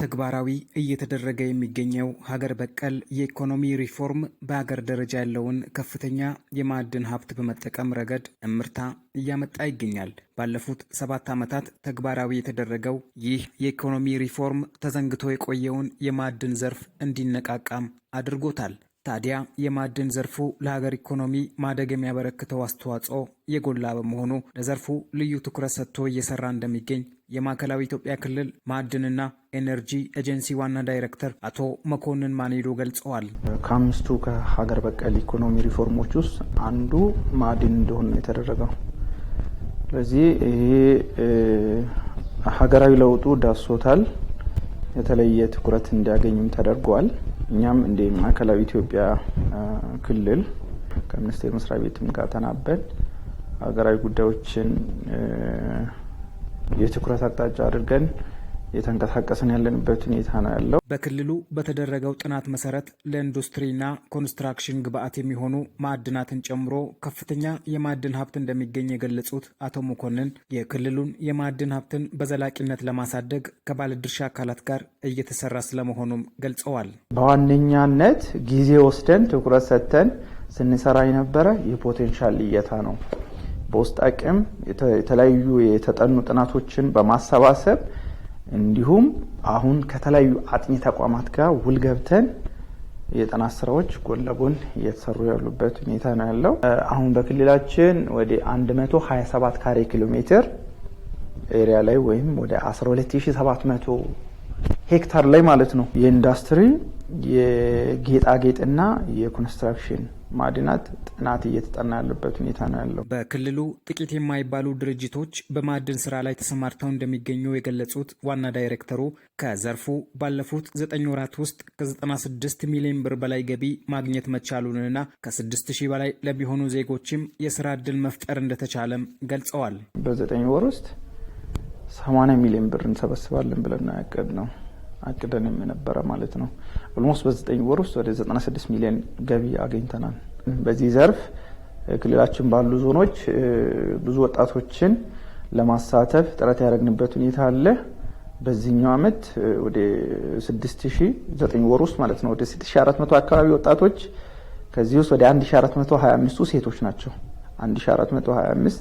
ተግባራዊ እየተደረገ የሚገኘው ሀገር በቀል የኢኮኖሚ ሪፎርም በሀገር ደረጃ ያለውን ከፍተኛ የማዕድን ሀብት በመጠቀም ረገድ እምርታ እያመጣ ይገኛል። ባለፉት ሰባት ዓመታት ተግባራዊ የተደረገው ይህ የኢኮኖሚ ሪፎርም ተዘንግቶ የቆየውን የማዕድን ዘርፍ እንዲነቃቃም አድርጎታል። ታዲያ የማዕድን ዘርፉ ለሀገር ኢኮኖሚ ማደግ የሚያበረክተው አስተዋጽኦ የጎላ በመሆኑ ለዘርፉ ልዩ ትኩረት ሰጥቶ እየሰራ እንደሚገኝ የማዕከላዊ ኢትዮጵያ ክልል ማዕድንና ኤነርጂ ኤጀንሲ ዋና ዳይሬክተር አቶ መኮንን ማኔዶ ገልጸዋል። ከአምስቱ ከሀገር በቀል ኢኮኖሚ ሪፎርሞች ውስጥ አንዱ ማዕድን እንደሆነ የተደረገው። ስለዚህ ይሄ ሀገራዊ ለውጡ ዳሶታል፣ የተለየ ትኩረት እንዲያገኝም ተደርጓል። እኛም እንደ ማዕከላዊ ኢትዮጵያ ክልል ከሚኒስቴር መስሪያ ቤትም ጋር ተናበን ሀገራዊ ጉዳዮችን የትኩረት አቅጣጫ አድርገን የተንቀሳቀስን ያለንበት ሁኔታ ነው ያለው። በክልሉ በተደረገው ጥናት መሰረት ለኢንዱስትሪና ኮንስትራክሽን ግብዓት የሚሆኑ ማዕድናትን ጨምሮ ከፍተኛ የማዕድን ሀብት እንደሚገኝ የገለጹት አቶ መኮንን የክልሉን የማዕድን ሀብትን በዘላቂነት ለማሳደግ ከባለድርሻ አካላት ጋር እየተሰራ ስለመሆኑም ገልጸዋል። በዋነኛነት ጊዜ ወስደን ትኩረት ሰጥተን ስንሰራ የነበረ የፖቴንሻል ልየታ ነው። በውስጥ አቅም የተለያዩ የተጠኑ ጥናቶችን በማሰባሰብ እንዲሁም አሁን ከተለያዩ አጥኚ ተቋማት ጋር ውል ገብተን የጥናት ስራዎች ጎን ለጎን እየተሰሩ ያሉበት ሁኔታ ነው ያለው። አሁን በክልላችን ወደ 127 ካሬ ኪሎ ሜትር ኤሪያ ላይ ወይም ወደ 12700 ሄክታር ላይ ማለት ነው የኢንዱስትሪ የጌጣጌጥና የኮንስትራክሽን ማዕድናት ጥናት እየተጠና ያለበት ሁኔታ ነው ያለው። በክልሉ ጥቂት የማይባሉ ድርጅቶች በማዕድን ስራ ላይ ተሰማርተው እንደሚገኙ የገለጹት ዋና ዳይሬክተሩ ከዘርፉ ባለፉት ዘጠኝ ወራት ውስጥ ከ96 ሚሊዮን ብር በላይ ገቢ ማግኘት መቻሉንና ከ6 በላይ ለሚሆኑ ዜጎችም የስራ እድል መፍጠር እንደተቻለም ገልጸዋል። በዘጠኝ ወር ውስጥ 80 ሚሊዮን ብር እንሰበስባለን ብለን ያቀድ ነው አቅደንም የነበረ ማለት ነው ኦልሞስት በዘጠኝ ወር ውስጥ ወደ 96 ሚሊዮን ገቢ አግኝተናል። በዚህ ዘርፍ ክልላችን ባሉ ዞኖች ብዙ ወጣቶችን ለማሳተፍ ጥረት ያደረግንበት ሁኔታ አለ። በዚህኛው ዓመት ወደ 69 ወር ውስጥ ማለት ነው ወደ 6400 አካባቢ ወጣቶች ከዚህ ውስጥ ወደ 1425ቱ ሴቶች ናቸው። 1425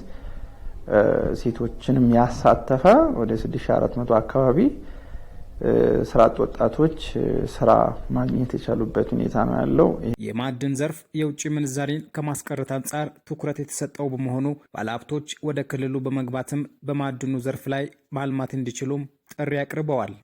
ሴቶችንም ያሳተፈ ወደ 6400 አካባቢ ስራ አጥ ወጣቶች ስራ ማግኘት የቻሉበት ሁኔታ ነው ያለው። የማዕድን ዘርፍ የውጭ ምንዛሬን ከማስቀረት አንጻር ትኩረት የተሰጠው በመሆኑ ባለሀብቶች ወደ ክልሉ በመግባትም በማዕድኑ ዘርፍ ላይ ማልማት እንዲችሉም ጥሪ አቅርበዋል።